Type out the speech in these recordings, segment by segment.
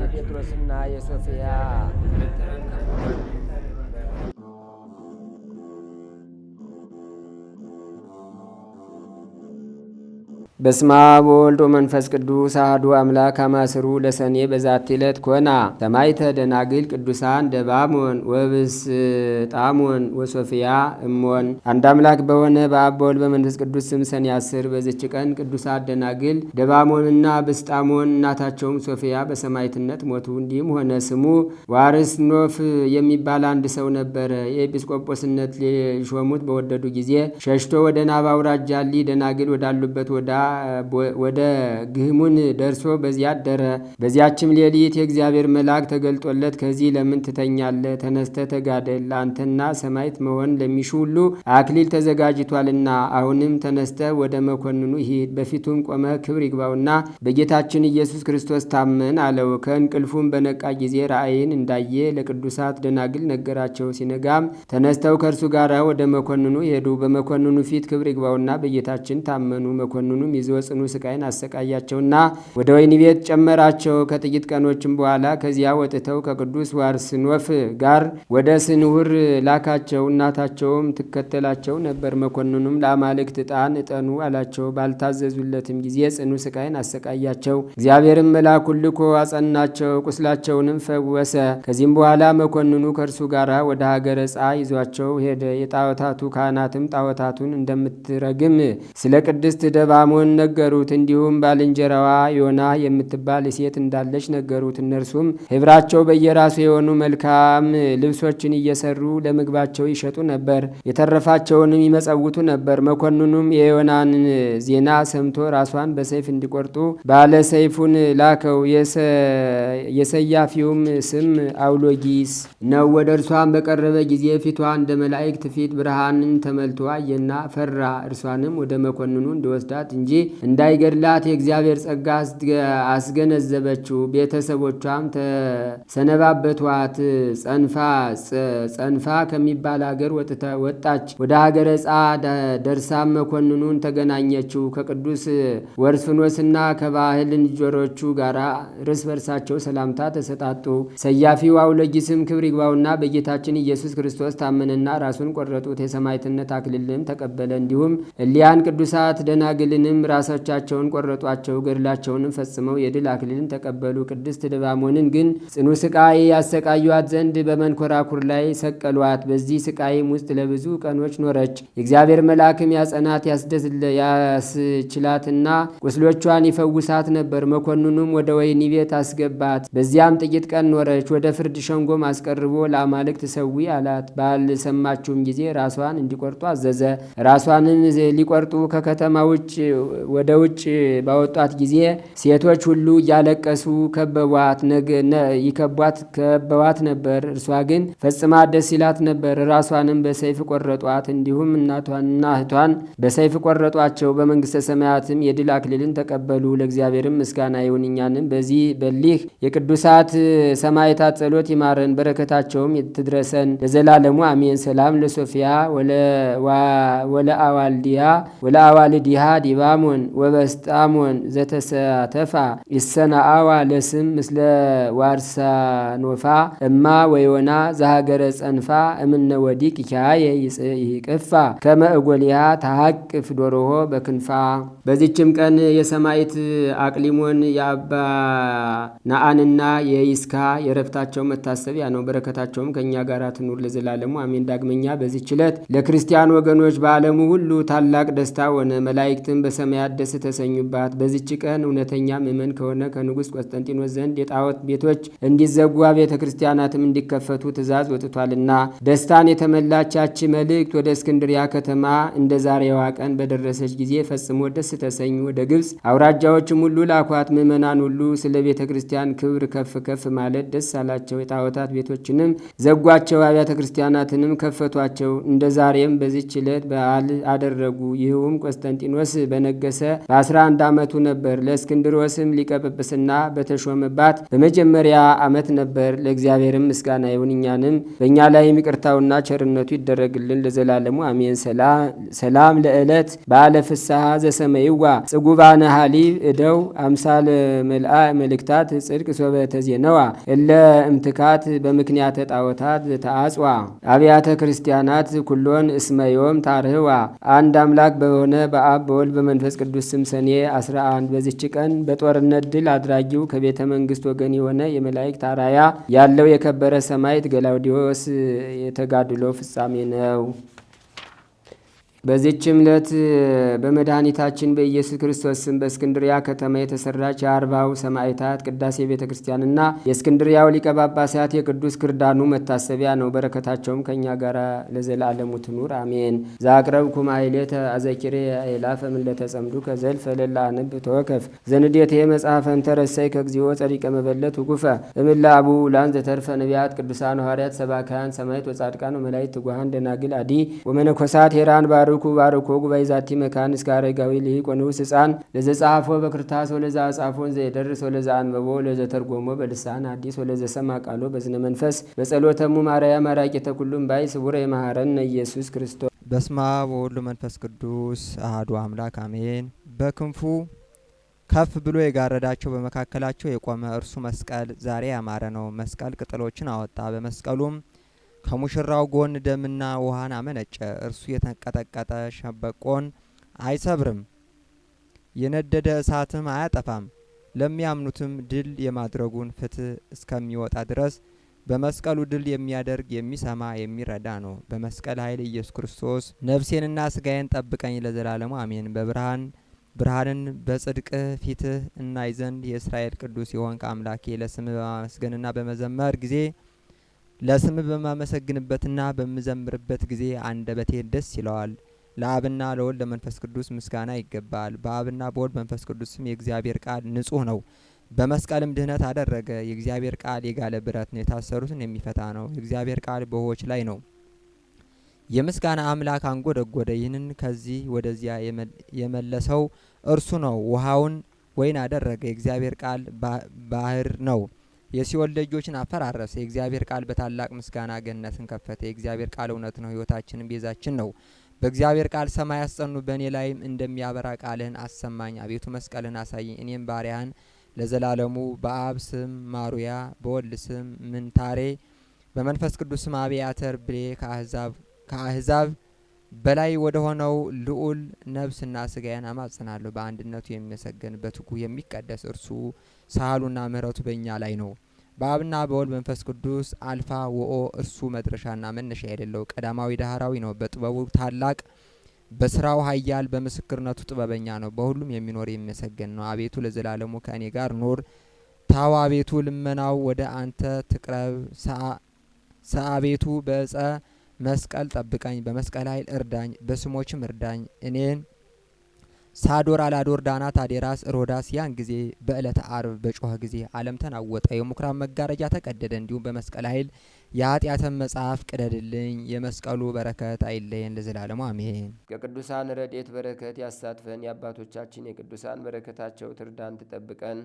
የጴጥሮስና የሶፊያ በስማ ወልድ ወመንፈስ ቅዱስ አህዱ አምላክ አማስሩ ለሰኔ በዛቲ ዕለት ኮና ሰማይተ ደናግል ቅዱሳን ደባሞን ወብስጣሞን ወሶፊያ እሞን። አንድ አምላክ በሆነ በአብ በወልድ በመንፈስ ቅዱስ ስም ሰኔ አስር በዚች ቀን ቅዱሳት ደናግል ደባሞንና ብስጣሞን እናታቸውም ሶፊያ በሰማይትነት ሞቱ። እንዲህም ሆነ ስሙ ኖፍ የሚባል አንድ ሰው ነበረ። የኤጲስቆጶስነት ሊሾሙት በወደዱ ጊዜ ሸሽቶ ወደ ናባ አውራጃ ደናግል ወዳሉበት ወዳ ወደ ግህሙን ደርሶ በዚያ አደረ። በዚያችም ሌሊት የእግዚአብሔር መልአክ ተገልጦለት ከዚህ ለምን ትተኛለ ተነስተ ተጋደል፣ አንተና ሰማይት መሆን ለሚሹ ሁሉ አክሊል ተዘጋጅቷልና። አሁንም ተነስተ ወደ መኮንኑ ሂድ፣ በፊቱም ቆመ ክብር ይግባውና በጌታችን ኢየሱስ ክርስቶስ ታመን አለው። ከእንቅልፉም በነቃ ጊዜ ራእይን እንዳየ ለቅዱሳት ደናግል ነገራቸው። ሲነጋም ተነስተው ከእርሱ ጋር ወደ መኮንኑ ሄዱ። በመኮንኑ ፊት ክብር ይግባውና በጌታችን ታመኑ። መኮንኑም ይዞ ጽኑ ስቃይን አሰቃያቸውና ወደ ወይኒ ቤት ጨመራቸው። ከጥቂት ቀኖችም በኋላ ከዚያ ወጥተው ከቅዱስ ዋርስኖፍ ጋር ወደ ስንውር ላካቸው። እናታቸውም ትከተላቸው ነበር። መኮንኑም ለአማልክት ዕጣን እጠኑ አላቸው። ባልታዘዙለትም ጊዜ ጽኑ ስቃይን አሰቃያቸው። እግዚአብሔርም መላኩልኮ ልኮ አጸናቸው፣ ቁስላቸውንም ፈወሰ። ከዚህም በኋላ መኮንኑ ከእርሱ ጋር ወደ ሀገረ ጻ ይዟቸው ሄደ። የጣዖታቱ ካህናትም ጣዖታቱን እንደምትረግም ስለ ቅድስት ደባሞን ቃሉን ነገሩት። እንዲሁም ባልንጀራዋ ዮና የምትባል ሴት እንዳለች ነገሩት። እነርሱም ህብራቸው በየራሱ የሆኑ መልካም ልብሶችን እየሰሩ ለምግባቸው ይሸጡ ነበር፣ የተረፋቸውንም ይመጸውቱ ነበር። መኮንኑም የዮናን ዜና ሰምቶ ራሷን በሰይፍ እንዲቆርጡ ባለ ሰይፉን ላከው። የሰያፊውም ስም አውሎጊስ ነው። ወደ እርሷን በቀረበ ጊዜ ፊቷ እንደ መላእክት ፊት ብርሃንን ተመልቶ አየና ፈራ። እርሷንም ወደ መኮንኑ እንዲወስዳት እንጂ እንዳይገድላት የእግዚአብሔር ጸጋ አስገነዘበችው። ቤተሰቦቿም ተሰነባበቷት። ጸንፋ ጸንፋ ከሚባል ሀገር ወጣች። ወደ ሀገረ ጻ ደርሳ መኮንኑን ተገናኘችው። ከቅዱስ ወርፍኖስና ከባህል ልጆሮቹ ጋር እርስ በርሳቸው ሰላምታ ተሰጣጡ። ሰያፊው አውለጊስም ክብር ይግባውና በጌታችን ኢየሱስ ክርስቶስ ታመንና ራሱን ቆረጡት። የሰማዕትነት አክሊልም ተቀበለ። እንዲሁም እሊያን ቅዱሳት ደናግልንም ራሶቻቸውን ቆረጧቸው፣ ገድላቸውንም ፈጽመው የድል አክሊልን ተቀበሉ። ቅድስት ድባሞንን ግን ጽኑ ስቃይ ያሰቃዩት ዘንድ በመንኮራኩር ላይ ሰቀሏት። በዚህ ስቃይም ውስጥ ለብዙ ቀኖች ኖረች። የእግዚአብሔር መልአክም ያጸናት ያስችላትና ቁስሎቿን ይፈውሳት ነበር። መኮንኑም ወደ ወይኒ ቤት አስገባት። በዚያም ጥቂት ቀን ኖረች። ወደ ፍርድ ሸንጎም አስቀርቦ ለአማልክት ሰዊ አላት። ባልሰማችውም ጊዜ ራሷን እንዲቆርጡ አዘዘ። ራሷንም ሊቆርጡ ከከተማ ውጭ ወደ ውጭ ባወጧት ጊዜ ሴቶች ሁሉ እያለቀሱ ከበቧት፣ ይከቧት ከበዋት ነበር። እርሷ ግን ፈጽማ ደስ ይላት ነበር። ራሷንም በሰይፍ ቆረጧት፣ እንዲሁም እናቷንና እህቷን በሰይፍ ቆረጧቸው። በመንግስተ ሰማያትም የድል አክሊልን ተቀበሉ። ለእግዚአብሔርም ምስጋና ይሁን እኛንም በዚህ በሊህ የቅዱሳት ሰማዕታት ጸሎት ይማረን፣ በረከታቸውም ትድረሰን ለዘላለሙ አሜን። ሰላም ለሶፊያ ወለአዋልዲያ ወለአዋልዲሃ ዲባሙ ወበጣሙን ወበስጣሙን ዘተሳተፋ ይሰናአዋ ለስም ምስለ ዋርሳ ኖፋ እማ ወይወና ዘሀገረ ጸንፋ እምነ ወዲቅ ይካየ ይቅፋ ከመ እጎልያ ታሃቅፍ ዶሮሆ በክንፋ። በዚችም ቀን የሰማይት አቅሊሞን የአባ ናአንና የይስካ የረፍታቸው መታሰቢያ ነው። በረከታቸውም ከእኛ ጋር ትኑር ለዘላለሙ አሜን። ዳግመኛ በዚች ዕለት ለክርስቲያን ወገኖች በዓለሙ ሁሉ ታላቅ ደስታ ሆነ። መላእክትም በሰማያ ሰማያት ደስ ተሰኙባት። በዚች ቀን እውነተኛ ምእመን ከሆነ ከንጉሥ ቆስጠንጢኖስ ዘንድ የጣዖት ቤቶች እንዲዘጉ ቤተ ክርስቲያናትም እንዲከፈቱ ትእዛዝ ወጥቷልና ደስታን የተመላቻች መልእክት ወደ እስክንድሪያ ከተማ እንደ ዛሬዋ ቀን በደረሰች ጊዜ ፈጽሞ ደስ ተሰኙ። ወደ ግብፅ አውራጃዎችም ሁሉ ላኳት። ምእመናን ሁሉ ስለ ቤተ ክርስቲያን ክብር ከፍ ከፍ ማለት ደስ አላቸው። የጣዖታት ቤቶችንም ዘጓቸው፣ አብያተ ክርስቲያናትንም ከፈቷቸው። እንደ ዛሬም በዚች ዕለት በዓል አደረጉ። ይህውም ቆስጠንጢኖስ በነገ ነገሰ በ11 ዓመቱ ነበር። ለእስክንድሮስም ሊቀ በተሾመባት በመጀመሪያ ዓመት ነበር። ለእግዚአብሔርም ምስጋና ይሁን እኛንም በእኛ ላይ ይቅርታውና ቸርነቱ ይደረግልን ለዘላለሙ አሜን። ሰላም ለዕለት በዓለ ፍስሐ ዘሰመይዋ ጽጉባነ ሀሊብ እደው አምሳል መልአ መልእክታት ጽድቅ ሶበተዜነዋ እለ እምትካት በምክንያተ ጣዖታት ተአጽዋ አብያተ ክርስቲያናት ኩሎን እስመዮም ታርህዋ አንድ አምላክ በሆነ በአብ በወልድ በመንፈስ በመንፈስ ቅዱስ ስም ሰኔ 11 በዚች ቀን በጦርነት ድል አድራጊው ከቤተ መንግስት ወገን የሆነ የመላእክት አራያ ያለው የከበረ ሰማዕት ገላውዲዮስ የተጋድሎ ፍጻሜ ነው። በዚችም ዕለት በመድኃኒታችን በኢየሱስ ክርስቶስ ስም በእስክንድሪያ ከተማ የተሰራች የአርባው ሰማዕታት ቅዳሴ ቤተ ክርስቲያንና የእስክንድሪያው ሊቀ ጳጳሳት የቅዱስ ክርዳኑ መታሰቢያ ነው። በረከታቸውም ከእኛ ጋር ለዘላለሙ ትኑር አሜን። ዛቅረብ ማይሌተ አዘኪሬ አእላፈ ምለተ ጸምዱ ከዘልፈ ለላ ንብ ተወከፍ ዘንዴቴ መጽሐፈን ተረሳይ ከእግዚኦ ጸሪቀ መበለት ውጉፈ አቡ ላን ዘተርፈ ነቢያት ቅዱሳን ሐዋርያት ሰባካያን ሰማይት ወጻድቃን ወመላይት ትጉሃን ደናግል አዲ ወመነኮሳት ሄራን ባሩ ባርኩ ባርኮ ጉባኤ ዛቲ መካን እስከ አረጋዊ ልሂቅ ወንዑስ ሕፃን ለዘጻፎ በክርታስ ወለዛ አጻፎ ዘየደርስ ወለዛ አንበቦ ለዘተርጎሞ በልሳን አዲስ ወለዘሰማ ቃሎ በዝነ መንፈስ በጸሎተሙ ማርያ ማራቂ ተኩሉም ባይ ስቡረ የማህረነ ኢየሱስ ክርስቶስ በስማ ወወሉ መንፈስ ቅዱስ አህዱ አምላክ አሜን። በክንፉ ከፍ ብሎ የጋረዳቸው በመካከላቸው የቆመ እርሱ መስቀል ዛሬ ያማረ ነው። መስቀል ቅጠሎችን አወጣ። በመስቀሉም ከሙሽራው ጎን ደምና ውሃን አመነጨ። እርሱ የተንቀጠቀጠ ሸበቆን አይሰብርም፣ የነደደ እሳትም አያጠፋም። ለሚያምኑትም ድል የማድረጉን ፍትህ እስከሚወጣ ድረስ በመስቀሉ ድል የሚያደርግ የሚሰማ የሚረዳ ነው። በመስቀል ኃይል ኢየሱስ ክርስቶስ ነፍሴንና ስጋዬን ጠብቀኝ ለዘላለሙ አሜን። በብርሃን ብርሃንን በጽድቅህ ፊትህ እናይ ዘንድ የእስራኤል ቅዱስ የሆንክ አምላኬ ለስም በማመስገንና በመዘመር ጊዜ ለስም በማመሰግንበትና በምዘምርበት ጊዜ አንደበቴ ደስ ይለዋል። ለአብና ለወልድ ለመንፈስ ቅዱስ ምስጋና ይገባል። በአብና በወልድ መንፈስ ቅዱስ ስም የእግዚአብሔር ቃል ንጹህ ነው። በመስቀልም ድህነት አደረገ። የእግዚአብሔር ቃል የጋለ ብረት ነው፣ የታሰሩትን የሚፈታ ነው። የእግዚአብሔር ቃል በውኆች ላይ ነው። የምስጋና አምላክ አንጎደጎደ። ይህንን ከዚህ ወደዚያ የመለሰው እርሱ ነው። ውሃውን ወይን አደረገ። የእግዚአብሔር ቃል ባህር ነው። የሲኦል ደጆችን አፈራረሰ። የእግዚአብሔር ቃል በታላቅ ምስጋና ገነትን ከፈተ። የእግዚአብሔር ቃል እውነት ነው፣ ሕይወታችንም ቤዛችን ነው። በእግዚአብሔር ቃል ሰማይ አስጸኑ፣ በእኔ ላይም እንደሚያበራ ቃልህን አሰማኝ። አቤቱ መስቀልህን አሳየኝ፣ እኔም ባሪያህን ለዘላለሙ በአብ ስም ማሩያ፣ በወልድ ስም ምንታሬ፣ በመንፈስ ቅዱስ ስም አብያተር ብሌ ከአህዛብ በላይ ወደ ሆነው ልዑል ነብስና ስጋዬን አማጽናለሁ። በአንድነቱ የሚመሰገን በትጉ የሚቀደስ እርሱ ሳህሉና ምሕረቱ በእኛ ላይ ነው። በአብና በወልድ መንፈስ ቅዱስ አልፋ ወኦ እርሱ መድረሻና መነሻ የሌለው ቀዳማዊ ዳህራዊ ነው። በጥበቡ ታላቅ በስራው ኃያል በምስክርነቱ ጥበበኛ ነው። በሁሉም የሚኖር የሚመሰገን ነው። አቤቱ ለዘላለሙ ከእኔ ጋር ኖር። ታዋ አቤቱ ልመናው ወደ አንተ ትቅረብ። ሰአቤቱ በእጸ መስቀል ጠብቀኝ፣ በመስቀል ኃይል እርዳኝ፣ በስሞችም እርዳኝ እኔን ሳዶር አላዶር ዳና አዴራስ ሮዳስ ያን ጊዜ በእለተ አርብ በጮኸ ጊዜ ዓለም ተናወጠ። የምኩራብ መጋረጃ ተቀደደ። እንዲሁም በመስቀል ኃይል የኃጢአትን መጽሐፍ ቅደድልኝ። የመስቀሉ በረከት አይለየን ለዘላለሙ አሜን። ከቅዱሳን ረድኤት በረከት ያሳትፈን። የአባቶቻችን የቅዱሳን በረከታቸው ትርዳን፣ ትጠብቀን።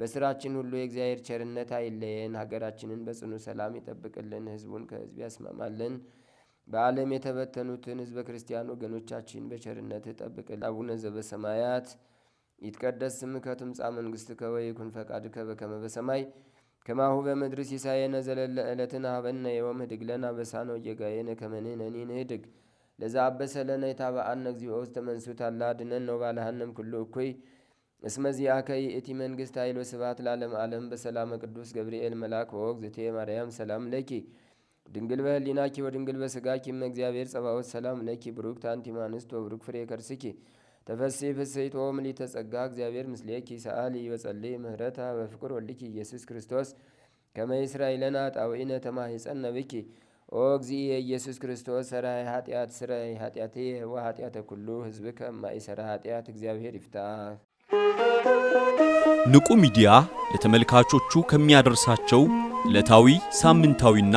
በስራችን ሁሉ የእግዚአብሔር ቸርነት አይለየን። ሀገራችንን በጽኑ ሰላም ይጠብቅልን። ህዝቡን ከህዝብ ያስማማልን። በዓለም የተበተኑትን ህዝበ ክርስቲያን ወገኖቻችን በቸርነት ጠብቅል። አቡነ ዘበሰማያት ይትቀደስ ስምከ ትምጻእ መንግሥትከ ወይኩን ፈቃድከ በከመ በሰማይ ከማሁ በምድር ሲሳየነ ዘለለ ዕለትነ ሀበነ ዮም ህድግ ለነ አበሳነ ወጌጋየነ ከመ ንሕነኒ ንህድግ ለዘአበሰለነ የታበአነ እግዚኦ ውስተ መንሱት አላ ነው ባልሃንም ኩሉ እኩይ እስመ ዚአከ ይእቲ መንግሥት ኃይል ወስብሐት ለዓለመ ዓለም በሰላመ ቅዱስ ገብርኤል መልአክ ወወግ ማርያም ሰላም ለኪ ድንግል በህሊናኪ ወድንግል በስጋኪ እመ እግዚአብሔር ጸባዖት ሰላም ለኪ ብሩክ አንቲ እምአንስት ወብሩክ ፍሬ ከርስኪ ተፈሴ ፍስሕቶ ምልዕተ ተጸጋ እግዚአብሔር ምስሌኪ ሰአሊ በጸልይ ምህረታ በፍቅር ወልኪ ኢየሱስ ክርስቶስ ከመ ይሥረይ ለነ ኃጣውኢነ ተማኅፀነ ኦ እግዚ ኢየሱስ ክርስቶስ ሠራይ ኃጢአት ስረይ ኃጢአትየ ወኃጢአተ ኩሉ ሕዝብከ ሰራ ኃጢአት እግዚአብሔር ይፍታ። ንቁ ሚዲያ ለተመልካቾቹ ከሚያደርሳቸው ዕለታዊ ሳምንታዊና